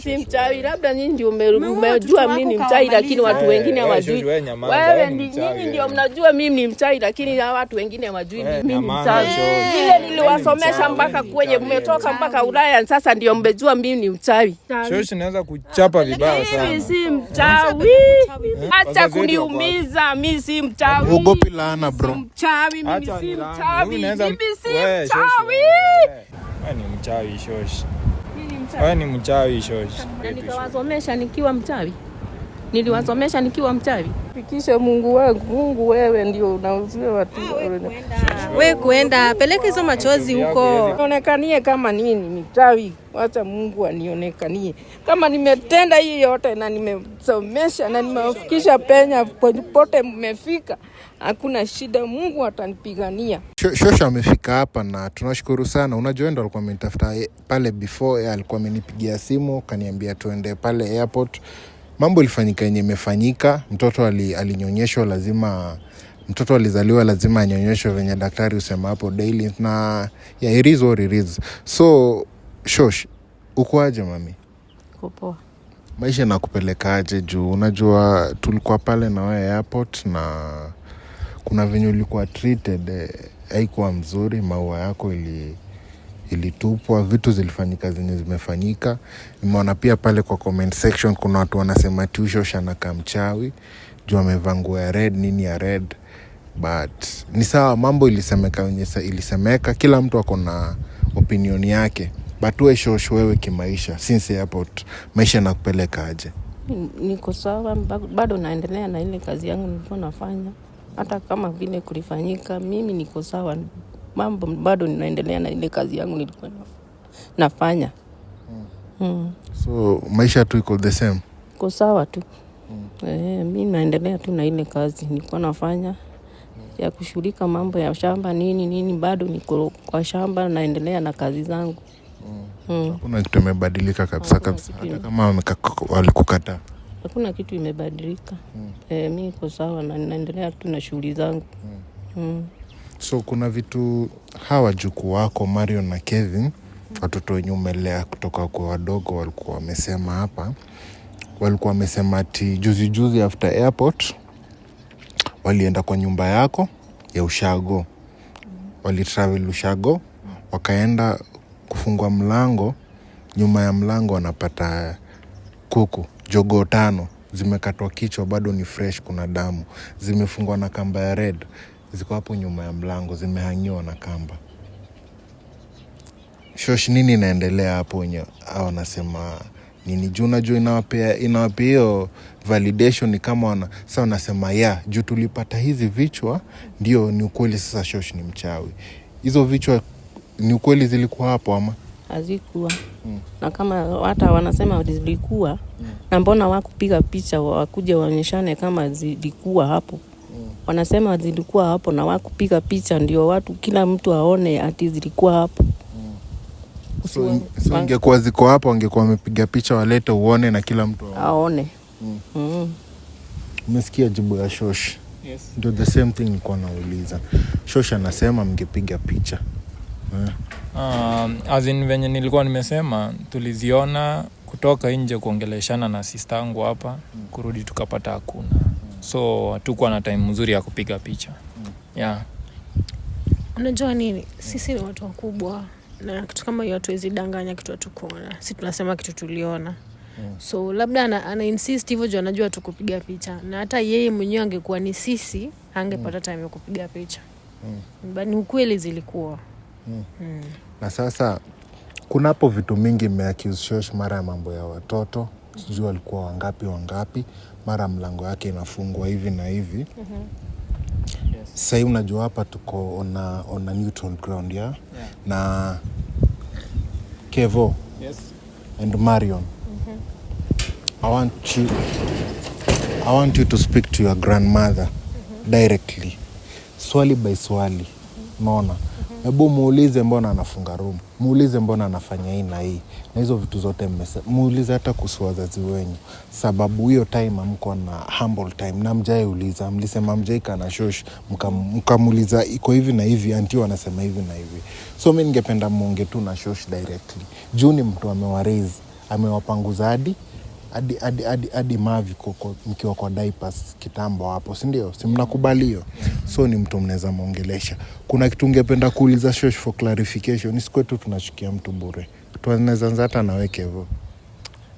si mchawi, labda nyinyi ndio mmejua mimi ni mchawi, lakini watu wengine hawajui. Wewe nyinyi ndio mnajua mimi ni mchawi, lakini watu wengine hawajui eh, mimi ni mchawi. Ile niliwasomesha mpaka kwenye mmetoka mpaka Ulaya, sasa ndio mmejua mimi ni mchawi. Shoshi, naweza kuchapa vibaya sana. Mimi si mchawi, acha kuniumiza. Mimi si mchawi, ugopi laana bro. Mchawi mimi si mchawi, mimi si mchawi. Ni mchawi Shosh. Wewe ni mchawi shoshi. Na nikawasomesha nikiwa mchawi, niliwasomesha nikiwa mchawi. Fikisha Mungu wangu, Mungu wewe ndio unauzia watu. Ah, wewe kuenda, peleka hizo machozi huko, onekanie kama nini mchawi. Wacha Mungu anionekanie kama nimetenda hii yote na nimesomesha na nimewafikisha penya pote mmefika hakuna shida, Mungu atanipigania. Shosha amefika hapa na tunashukuru sana. Unajua, ndo alikuwa amenitafuta eh, pale before, eh, alikuwa amenipigia simu kaniambia tuende pale airport. Mambo ilifanyika yenye imefanyika, mtoto alinyonyeshwa, ali lazima mtoto alizaliwa lazima anyonyeshwe venye daktari usema hapo daily, na yeah, it is what it is. So shosh, uko aje mami? Kupoa. Maisha nakupelekaje? Juu unajua tulikuwa pale na wewe airport na kuna venye ulikuwa treated eh, haikuwa mzuri maua yako ili ilitupwa vitu zilifanyika zenye zimefanyika nimeona pia pale kwa comment section kuna watu wanasema tushosh anakaa mchawi juu amevaa nguo ya red nini ya red but ni sawa mambo ilisemeka wenye ilisemeka kila mtu ako na opinion yake but we shosh wewe kimaisha since airport maisha nakupeleka aje niko sawa bado naendelea na ile kazi yangu nilikuwa nafanya hata kama vile kulifanyika, mimi niko sawa, mambo bado ninaendelea na ile kazi yangu nilikuwa nafanya. Hmm. hmm. So maisha tu iko the same, iko sawa tu. hmm. E, mi naendelea tu na ile kazi nilikuwa nafanya hmm. ya kushughulika mambo ya shamba nini nini, bado niko kwa shamba naendelea na kazi zangu. Hmm. Hakuna mm. mm. kitu imebadilika kabisa kabisa, hata kama walikukataa hakuna kitu imebadilika. mm. E, mi niko sawa na ninaendelea tu na shughuli zangu. mm. mm. So kuna vitu hawa jukuu wako Marion na Kevin, mm. watoto wenye umelea kutoka kwa wadogo, walikuwa wamesema hapa, walikuwa wamesema ati juzi juzi after airport walienda kwa nyumba yako ya ushago, mm. walitravel ushago, wakaenda kufungua mlango, nyuma ya mlango wanapata kuku jogoo tano zimekatwa kichwa, bado ni fresh, kuna damu, zimefungwa na kamba ya red, ziko hapo nyuma ya mlango, zimehangiwa na kamba. Shosh, nini inaendelea hapo? Wenye a wanasema nini juu najua inawapea inawapea hiyo validation, ni kama wana sasa wanasema ya juu tulipata hizi vichwa, ndio ni ukweli. Sasa Shosh ni mchawi. Hizo vichwa ni ukweli, zilikuwa hapo ama hazikuwa? hmm. na kama hata wanasema zilikuwa na mbona wakupiga picha wakuja waonyeshane kama zilikuwa hapo mm. Wanasema zilikuwa hapo na wakupiga picha ndio watu kila mtu aone ati zilikuwa hapo So, so ingekuwa ziko hapo angekuwa wamepiga picha walete uone na kila mtu aone mm. Mm. jibu ya Shosh? Yes. Ndio the same thing ikuwa nauliza. Shosh anasema mngepiga picha. Yeah. Um, azin venye nilikuwa nimesema tuliziona kutoka nje kuongeleshana na sistangu hapa, kurudi tukapata hakuna, so hatukuwa na time mzuri ya kupiga picha yeah. Unajua nini, sisi ni watu wakubwa na kitu kama hiyo hatuwezi danganya kitu hatukuona. Si tunasema kitu tuliona So labda ana, ana insist hivyo juu anajua tukupiga picha, na hata yeye mwenyewe angekuwa ni sisi angepata time ya kupiga picha mm. Bani ukweli zilikuwa mm. Mm. na sasa kunapo vitu mingi mmeakiushosh, mara ya mambo ya watoto, sijui walikuwa wangapi wangapi, mara mlango yake inafungwa hivi na hivi mm -hmm. yes. Sahii unajua hapa tuko ona, ona neutral ground ya yeah. na Kevo yes. and Marion mm -hmm. I want you, I want you to speak to your grandmother mm -hmm. directly swali by swali mm -hmm. naona hebu muulize mbona anafunga room, muulize mbona anafanya hii na hii na hizo vitu zote mmese, muulize hata kuhusu wazazi wenyu, sababu hiyo time amko na humble time na mjai uliza, mlisema mjaika na shosh, mkamuuliza iko hivi na hivi, anti wanasema hivi na hivi. So mi ningependa muonge tu na shosh directly juu ni mtu amewarezi amewapanguza hadi hadi hadi hadi hadi mavi mkiwa kwa diapers kitambo hapo, si ndio? Si mnakubali hiyo? So ni mtu mnaweza mwongelesha. Kuna kitu ungependa kuuliza Shosh for clarification? Sikwetu tunachukia mtu bure, tunaweza hata naweke hivyo.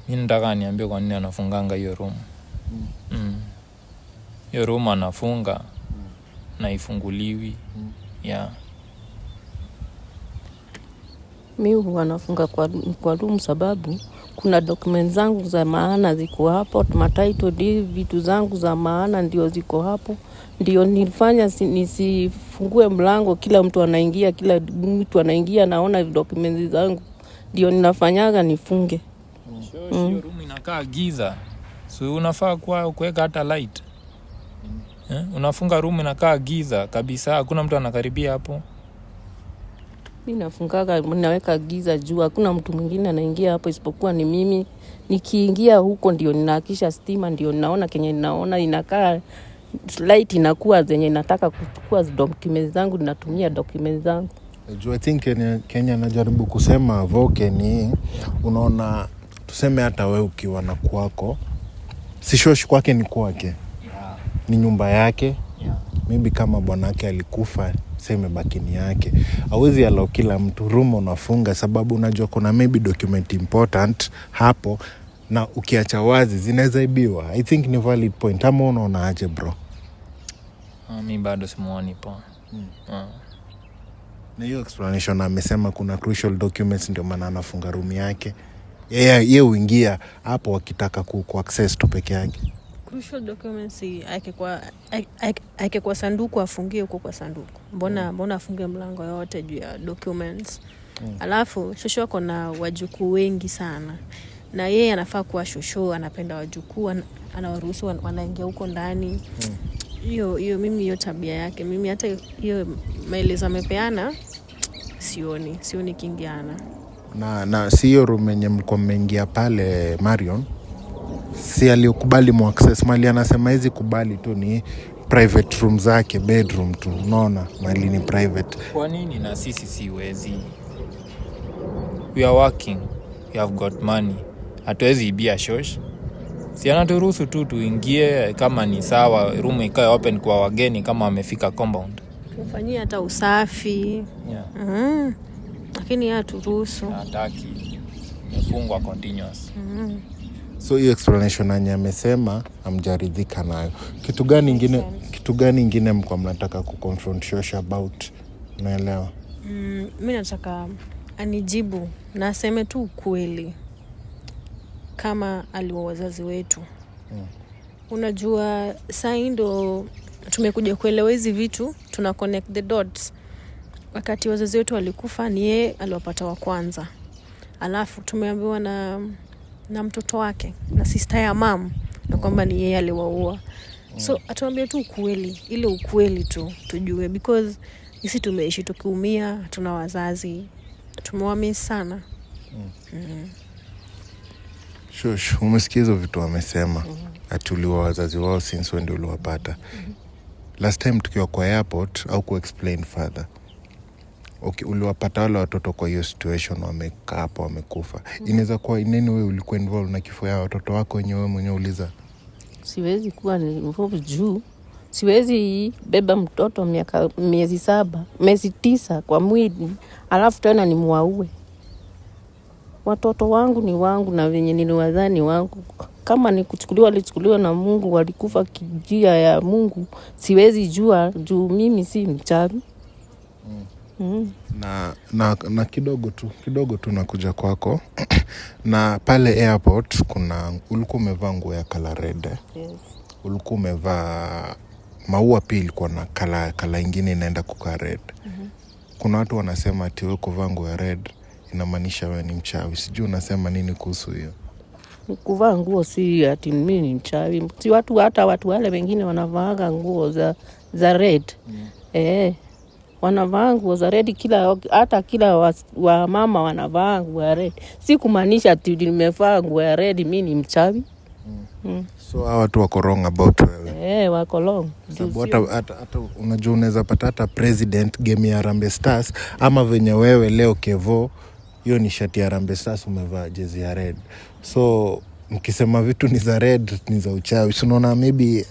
Mi nataka niambie kwa nini anafunganga hiyo room mm. hiyo room anafunga mm. na ifunguliwi mm. yeah. Mi huwa nafunga kwa, kwa room sababu kuna document zangu za maana ziko hapo, title deed, vitu zangu za maana ndio ziko hapo, ndio nilifanya nisifungue mlango, kila mtu anaingia, kila mtu anaingia naona documents zangu, ndio ninafanyaga nifunge. Sio mm. room inakaa giza, so unafaa kwa kuweka hata light mm. eh? Unafunga room inakaa giza kabisa, hakuna mtu anakaribia hapo mi nafungaga, naweka giza juu, hakuna mtu mwingine anaingia hapo isipokuwa ni mimi. Nikiingia huko ndio ninahakisha stima, ndio naona kenye naona inakaa light inakuwa zenye nataka kuchukua document zangu, ninatumia document zangu. I thin Kenya najaribu kusema Voke ni unaona, tuseme hata we ukiwa na kwako, sishoshi kwake ni kwake, ni nyumba yake, maybe kama bwanake alikufa tuseme bakini yake awezi alau kila mtu room unafunga sababu unajua kuna maybe document important hapo na ukiacha wazi zinaweza ibiwa i think ni valid point ama unaona aje bro uh, mi bado simuoni po hmm. Ah. na hiyo explanation amesema kuna crucial documents ndio maana anafunga rumu yake yeye yeah, yeah, uingia hapo wakitaka ku, ku access tu peke yake crucial documents aeke kwa, aeke kwa sanduku afungie huko kwa sanduku. Mbona mm. mbona afunge mlango yote juu ya documents mm. Alafu shosho ako na wajukuu wengi sana, na yeye anafaa kuwa shosho, anapenda wajukuu, anawaruhusu wanaingia huko ndani mm. hiyo mm. hiyo mimi hiyo tabia yake mimi, hata hiyo maelezo amepeana sioni sioni kiingiana na, na si hiyo rumenye mko mmeingia pale Marion si aliokubali muaccess mali anasema hizi kubali tu ni private room zake bedroom tu unaona mali ni private kwa nini na sisi siwezi we are working we have got money hatuwezi ibia shosh si anaturuhusu tu tuingie kama ni sawa room ikae open kwa wageni kama wamefika compound tufanyie hata usafi yeah. mm. lakini haturuhusu hataki imefungwa continuous mm So hiyo explanation yenye amesema amjaridhika nayo. Kitu gani ingine, kitu gani ingine mkwa mnataka kuconfront shosh about? Unaelewa? Mm, mi nataka anijibu na aseme tu ukweli kama aliwa wazazi wetu mm. Unajua sai ndo tumekuja kuelewa hizi vitu, tuna connect the dots. Wakati wazazi wetu walikufa, ni yeye aliwapata wa kwanza, alafu tumeambiwa na na mtoto wake na sista ya mam na kwamba ni yeye aliwaua. So mm. atuambie tu ukweli, ile ukweli tu tujue, because isi tumeishi tukiumia, tuna wazazi tumewamis sana. mm. Mm-hmm. Shush, umesikia hizo vitu wamesema. mm -hmm. Atuliwa wazazi wao since uliwapata. mm Last time tukiwa kwa airport au kuexplain explain okay, uliwapata wale watoto kwa hiyo situation wamekaa hapa wamekufa mm. inaweza kuwa nini we ulikuwa involved na kifo ya watoto wako wenyewe mwenyewe uliza siwezi kuwa involved juu siwezi beba mtoto miaka miezi saba miezi tisa kwa mwili alafu tena nimwaue watoto wangu ni wangu na venye niliwazani wangu kama ni kuchukuliwa walichukuliwa na Mungu, walikufa kijia ya Mungu. Siwezi jua juu mimi si mchavi mm mm. na, na, na kidogo tu kidogo tu nakuja kwako na pale airport kuna ulikuwa umevaa nguo ya kala red yes. ulikuwa umevaa maua pia ilikuwa na kala, kala ingine inaenda kukaa red mm-hmm. kuna watu wanasema ati we kuvaa nguo ya red inamaanisha wewe ni mchawi sijui unasema nini kuhusu hiyo kuvaa nguo si ati mi ni mchawi si watu hata watu wale wengine wanavaaga nguo za, za red mm. e, wanavaa nguo za redi kila hata kila wa, wa mama wanavaa nguo ya redi. Si kumaanisha ati nimevaa nguo ya redi mi ni mchawi. Mm. mm. So hawa watu wako wrong about wewe. Eh, wako wrong. Sababu hata hata unajua unaweza pata hata president game ya Harambee Stars ama venye wewe leo Kevo hiyo ni shati ya Harambee Stars umevaa jezi ya red. So mkisema vitu ni za red ni za uchawi. Unaona maybe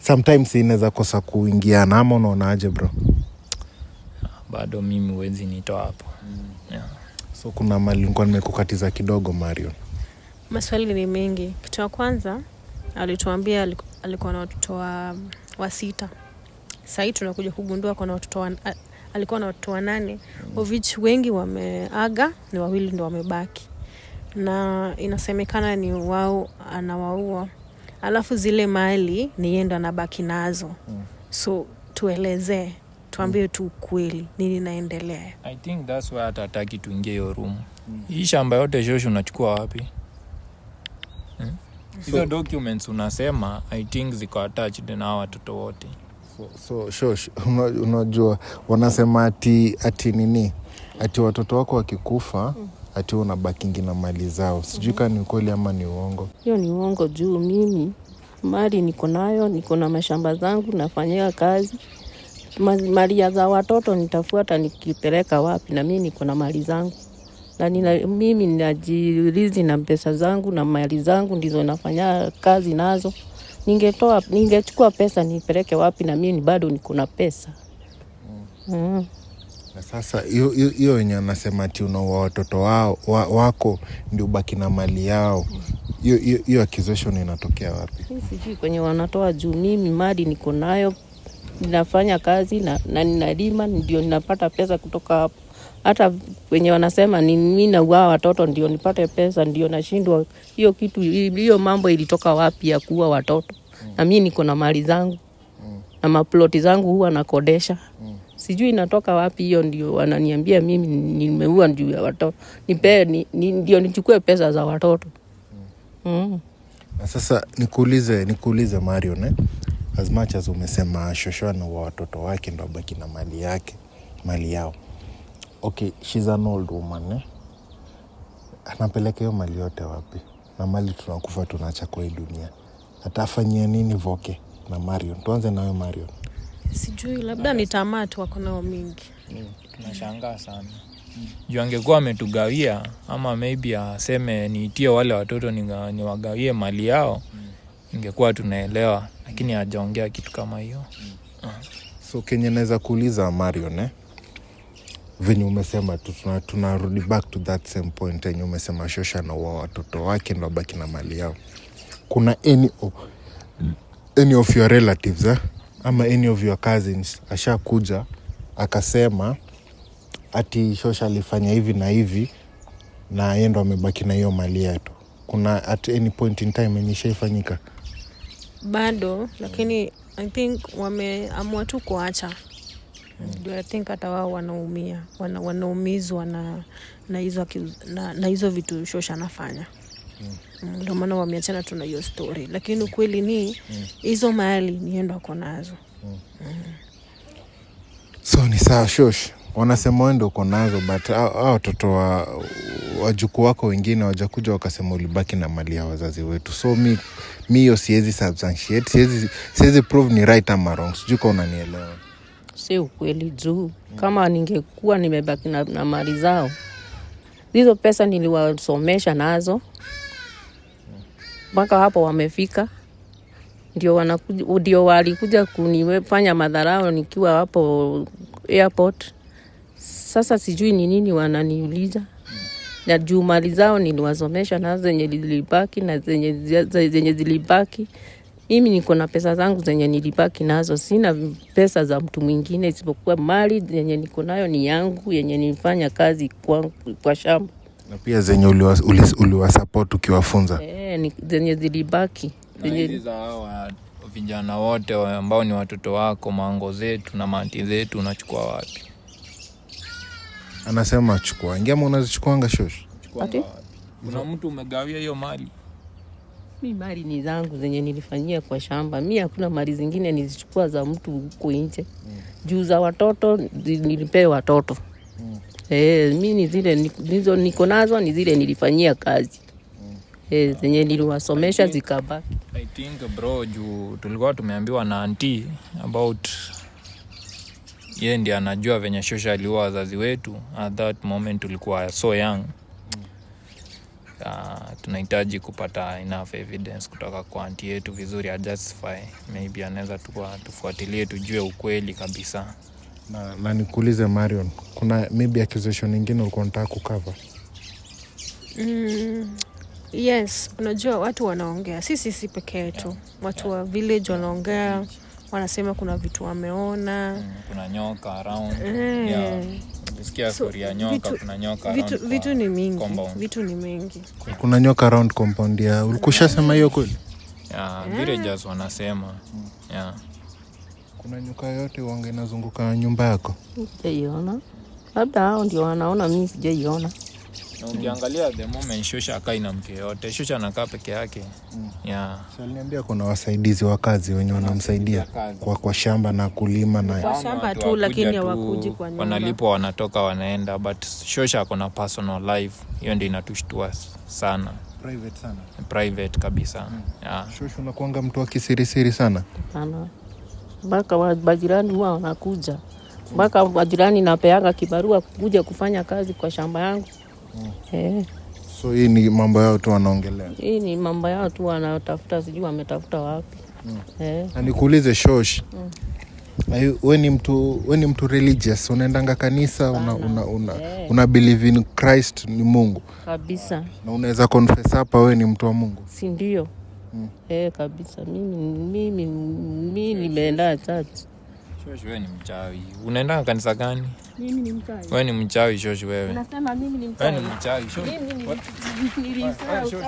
sometimes inaweza kosa kuingiana ama unaonaje bro? bado mimi huwezi nitoa hapo mm. yeah. So kuna mali nilikuwa nimekukatiza kidogo mario Maswali ni mengi. Kitu ya kwanza alituambia alikuwa na watoto wa, wa sita. sahii tunakuja kugundua kuna watoto wa, alikuwa na watoto wanane mm. wengi wameaga, ni wawili ndo wamebaki, na inasemekana ni wao anawaua, alafu zile mali ni yendo anabaki nazo mm. so tuelezee tuambie tu ukweli, nini naendelea. I think that's why hata tuingie hiyo room. Hii shamba yote shoshi unachukua wapi? Hmm? Hizo so, document unasema I think ziko attached na hawa watoto wote. So, so shosh, unajua wanasema ati, ati nini ati watoto wako wakikufa mm ati unabakingi na mali zao. Sijui mm -hmm. Ni ukweli ama ni uongo? Hiyo ni uongo juu mimi mali niko nayo, niko na mashamba zangu, nafanyia kazi malia za watoto nitafuata nikipeleka wapi? Na mimi niko na mali zangu na nina, mimi ninajirizi na pesa zangu na mali zangu ndizo nafanya kazi nazo. Ningetoa, ningechukua pesa nipeleke wapi? Na mimi bado niko na pesa mm. Mm. Na sasa hiyo wenye anasema ti unaua watoto wao, wa, wako ndio ubaki na mali yao, hiyo accusation inatokea wapi? Sijui kwenye wanatoa juu mimi mali niko nayo ninafanya kazi na, na ninalima ndio ninapata pesa kutoka hapo. Hata wenye wanasema ni mimi nauaa watoto ndio nipate pesa, ndio nashindwa hiyo kitu. Hiyo mambo ilitoka wapi ya kuua watoto? mm. na mimi niko na mali zangu mm. na maploti zangu huwa nakodesha mm. Sijui inatoka wapi hiyo, ndio wananiambia mimi nimeua juu ya watoto nipe, ni, ni, ndio nichukue pesa za watoto mm. Mm. Na sasa nikuulize, nikuulize Marion eh? as much as umesema shoshana wa watoto wake ndo abaki na mali yake mali yao okay, she's an old woman eh? anapeleka hiyo mali yote wapi na mali tunakufa tunaacha kwa hii dunia atafanyia nini voke na marion tuanze nayo marion sijui labda ni tamaa tu wako nao mingi mm. tunashangaa sana mm. juu angekuwa ametugawia ama maybe aseme niitie wale watoto niwagawie mali yao mm. mm. ingekuwa tunaelewa lakini ajaongea kitu kama hiyo mm. So kenye naweza kuuliza Marion eh? venye umesema tu tunarudi tuna back to that same point enye umesema shosha na wa watoto wake ndo abaki na mali yao kuna any of, any of your relatives eh? ama any of your cousins ashakuja akasema ati shosha alifanya hivi na hivi na yeye ndo amebaki na hiyo mali yetu kuna at any point in time enye ishaifanyika bado, mm. lakini I think wameamua tu kuacha mm. I think hata wao wanaumia wana, wanaumizwa na na hizo na, na hizo vitu Shosha anafanya mm. Mm, ndio mm. maana mm, wameachana na hiyo story, lakini ukweli ni hizo mm. mahali niendo ako nazo mm. mm. so ni sawa Shosh, wanasema wewe uko nazo but watoto wa wajukuu wako wengine wajakuja wakasema ulibaki na mali ya wazazi wetu so mi mi hiyo siwezi substantiate siwezi siwezi prove ni right ama wrong sijui ka unanielewa si ukweli juu kama ningekuwa nimebaki na, na mali zao hizo pesa niliwasomesha nazo mpaka hapo wamefika ndio wanakuja, ndio walikuja kunifanya madharao nikiwa hapo airport. Sasa sijui ni nini wananiuliza na juu mali zao niliwasomesha na zenye zilibaki na zenye, zenye zilibaki mimi niko na pesa zangu zenye nilibaki nazo, sina pesa za mtu mwingine isipokuwa mali zenye niko nayo ni yangu, yenye nilifanya kazi kwa, kwa shamba na pia zenye uliwasupport ukiwafunza e, zenye zilibaki zenye... za hawa vijana wote ambao ni watoto wako, mango zetu na manti zetu unachukua wapi? anasema chukua ngema, unazichukuanga shosh. Kuna mtu umegawia hiyo mali? Mi mali ni zangu zenye nilifanyia kwa shamba, mi hakuna mali zingine nizichukua za mtu huko nje mm. juu za watoto nilipee watoto mm. E, mi ni zile nizo niko nazo ni zile nilifanyia kazi mm. E, zenye niliwasomesha zikabaki. I think bro, juu tulikuwa tumeambiwa na anti about ye ndi anajua venye shosha aliua wazazi wetu at that moment ulikuwa so young uh, tunahitaji kupata enough evidence kutoka kwa anti yetu vizuri ajustify maybe anaweza tufuatilie tujue ukweli kabisa na, na nikuulize marion kuna maybe accusation ingine ulikuwa nataka kukava mm, yes unajua watu wanaongea si sisi peke yetu yeah. watu yeah. wa village wanaongea yeah wanasema kuna vitu wameona mm, kuna nyoka around eh. yeah. So, nyoka, vitu, kuna nyoka vitu, vitu ni mingi compound. vitu ni mingi kuna nyoka around compound ya ulikushasema mm. hiyo kweli yeah, villagers yeah. wanasema mm. yeah. kuna nyoka yote wange inazunguka nyumba yako sijaiona labda hao ndio wanaona mimi sijaiona Ukiangalia the moment Shusha akai na mtu yeyote, Shusha anakaa peke yake mm. yeah. So, kuna wasaidizi wa kazi wenye wanamsaidia kwa, kwa shamba na kulima na kwa shamba tu, lakini hawakuji kwa nyumba, wanalipwa wanatoka wanaenda, but Shusha akona personal life, hiyo ndio inatushtua sana private sana, private kabisa mm. yeah. Shusha unakuanga mtu wa kisirisiri sana mpaka wajirani huwa wanakuja mpaka wajirani napeanga kibarua kuja kufanya kazi kwa shamba yangu. Eh. So hii ni mambo yao tu wanaongelea, hii ni mambo yao tu wanaotafuta, sijui wametafuta wapi mm. Eh. Na nikuulize shosh mm. We ni mtu, we ni mtu religious, unaendanga kanisa, una, una, una, eh. una believe in Christ, ni Mungu kabisa, na unaweza confess hapa we ni mtu wa Mungu, si ndio? mm. kabisa mimi, mimi, mimi nimeenda church. we ni mchawi, unaendanga kanisa gani? Mimi ni mchawi. Wewe ni mchawi shoshi wewe. ni mchawi. Wewe ni mchawi shoshi.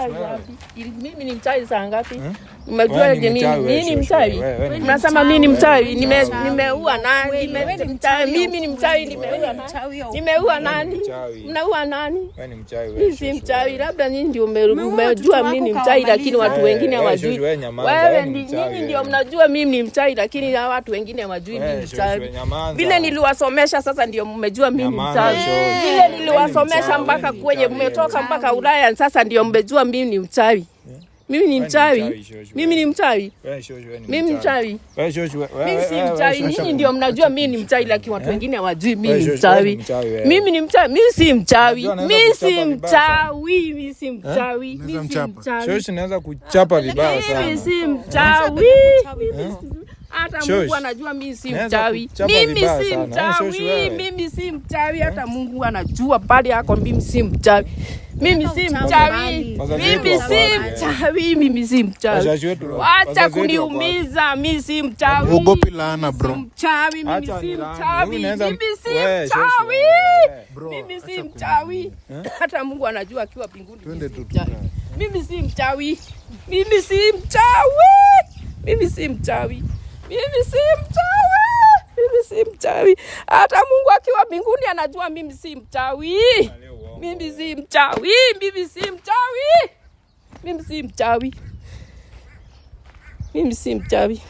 Mimi ni mchawi saa ngapi? Hmm? Umejua je mimi ni mchawi? Unasema mimi ni mchawi. Nimeua nani? Mimi ni mchawi nimeua nani? Nimeua nani? Mnaua nani? ni mchawi Mimi si mchawi. Labda nyinyi ndio umejua mimi ni mchawi lakini watu wengine hawajui. Wewe nyinyi ndio mnajua mimi ni mchawi lakini watu wengine hawajui mimi ni mchawi. Vile niliwasomesha sasa ndio ndio mmejua mimi mchawi. Ile niliwasomesha yaani mpaka kwenye mmetoka mpaka Ulaya, sasa ndio mmejua mimi ni mchawi. Eh? Mimi ni mchawi. Mimi ni mchawi. Mimi mchawi. Mimi si mchawi. Ninyi ndio mnajua mimi ni mchawi, lakini watu eh? wengine hawajui mimi ni mchawi. Mimi ni mchawi. Mimi si mchawi. Mimi si mchawi. Mimi si mchawi. Mimi si mchawi. Shoshi naweza kuchapa vibaya sana. Mimi si eh? mchawi. Hata Mungu anajua mimi si mchawi. Mimi si mchawi, mimi si mchawi. Hata Mungu anajua pale yako mimi si mchawi. Mimi si mchawi, mimi si mchawi, mimi si mchawi. Acha kuniumiza, mimi si mchawi. Ugopi laana bro. Mchawi, mimi si mchawi, mimi si mchawi, mimi si mchawi. Hata Mungu anajua akiwa mbinguni. Twende tu. Mimi si mchawi, mimi si mchawi, mimi si mchawi. Mimi si mchawi, mimi si mchawi. Hata Mungu akiwa mbinguni anajua mimi si mchawi, mimi si mchawi, mimi si mchawi, mimi si mchawi, mimi si mchawi,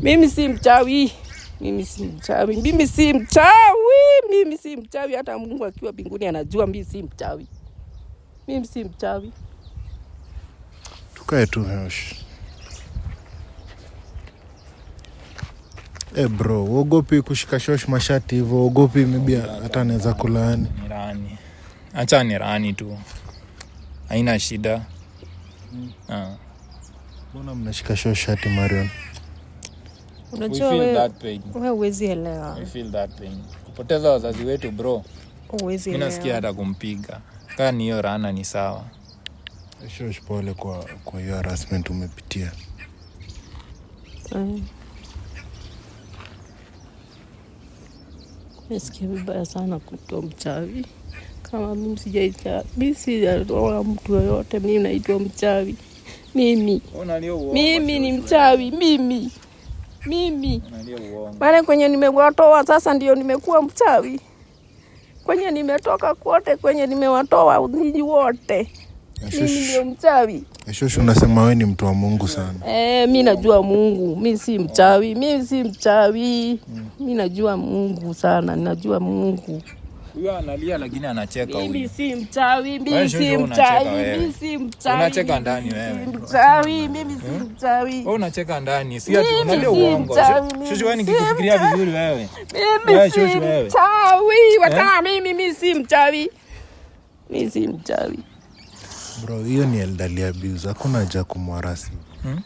mimi si mchawi mimi si mchawi, mimi si mchawi, mimi si mchawi. Hata Mungu akiwa mbinguni anajua mimi si mchawi, mimi si mchawi. Tukae tu. Eh, bro, uogopi kushika shosh mashati hivyo, uogopi maybe hata anaweza kulaani. Acha nirani tu, haina shida. Mm-hmm. Ah. Mbona mnashika shosh shati Marion? Unajua wewe uwezi elewa. We feel that pain. Kupoteza wazazi wetu bro, Uwezi elewa. Nasikia hata kumpiga kaa ni hiyo rana ni sawa. Shosh, pole kwa hiyo harassment umepitia. Mm. Nasikia vibaya sana kuitwa mchawi. Kama mimi sijaita, mimi sijaona mtu yoyote, mimi naitwa mchawi. Mimi mimi ni mchawi mimi mimi, maana kwenye nimewatoa sasa ndio nimekuwa mchawi, kwenye nimetoka kwote kwenye nimewatoa ninyi wote, mimi ndio mchawi. Shosho, unasema wewe ni mtu wa Mungu sana. Eh, mi najua Mungu, mi si mchawi, mi si mchawi mm. Mi najua Mungu sana, najua Mungu. Huyo analia lakini anacheka huyo. Mimi si mchawi, mimi si mchawi, mimi si mchawi. Unacheka ndani wewe. Mchawi, eh? mimi si mchawi. Wewe unacheka ndani. Si ati unalia uongo. Shosho, wewe nikikufikiria vizuri wewe. Mimi si mchawi, Wataa eh? mimi mimi si mchawi. Mimi si mchawi bro hiyo ni elderly abuse hakuna haja kumwarasi hmm?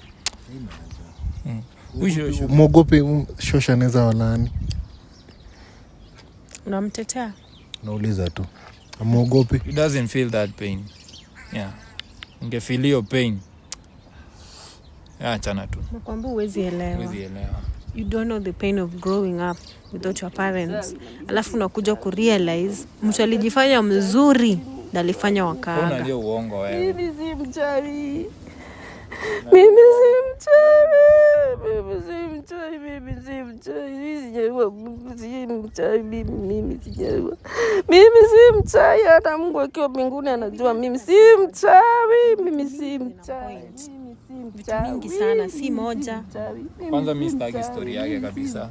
hmm. hmm. mwogope um, shosha naweza walaani unamtetea nauliza tu amwogope he doesn't feel that pain yeah ungefeel hiyo pain achana tu nakwambia huwezi elewa you don't know the pain of growing up without your parents alafu unakuja kurealize mtu alijifanya mzuri nalifanya wakaaga. Unalia uongo wewe. Mimi si mchawi. Mimi si mchawi. Mimi si mchawi. Mimi si mchawi. Mimi si mchawi. Mimi sijaua. Mimi si mchawi, hata Mungu akiwa mbinguni anajua mimi si mchawi. Mimi si mchawi. Vitu mingi sana, si moja. Kwanza mimi sitaki story yake kabisa.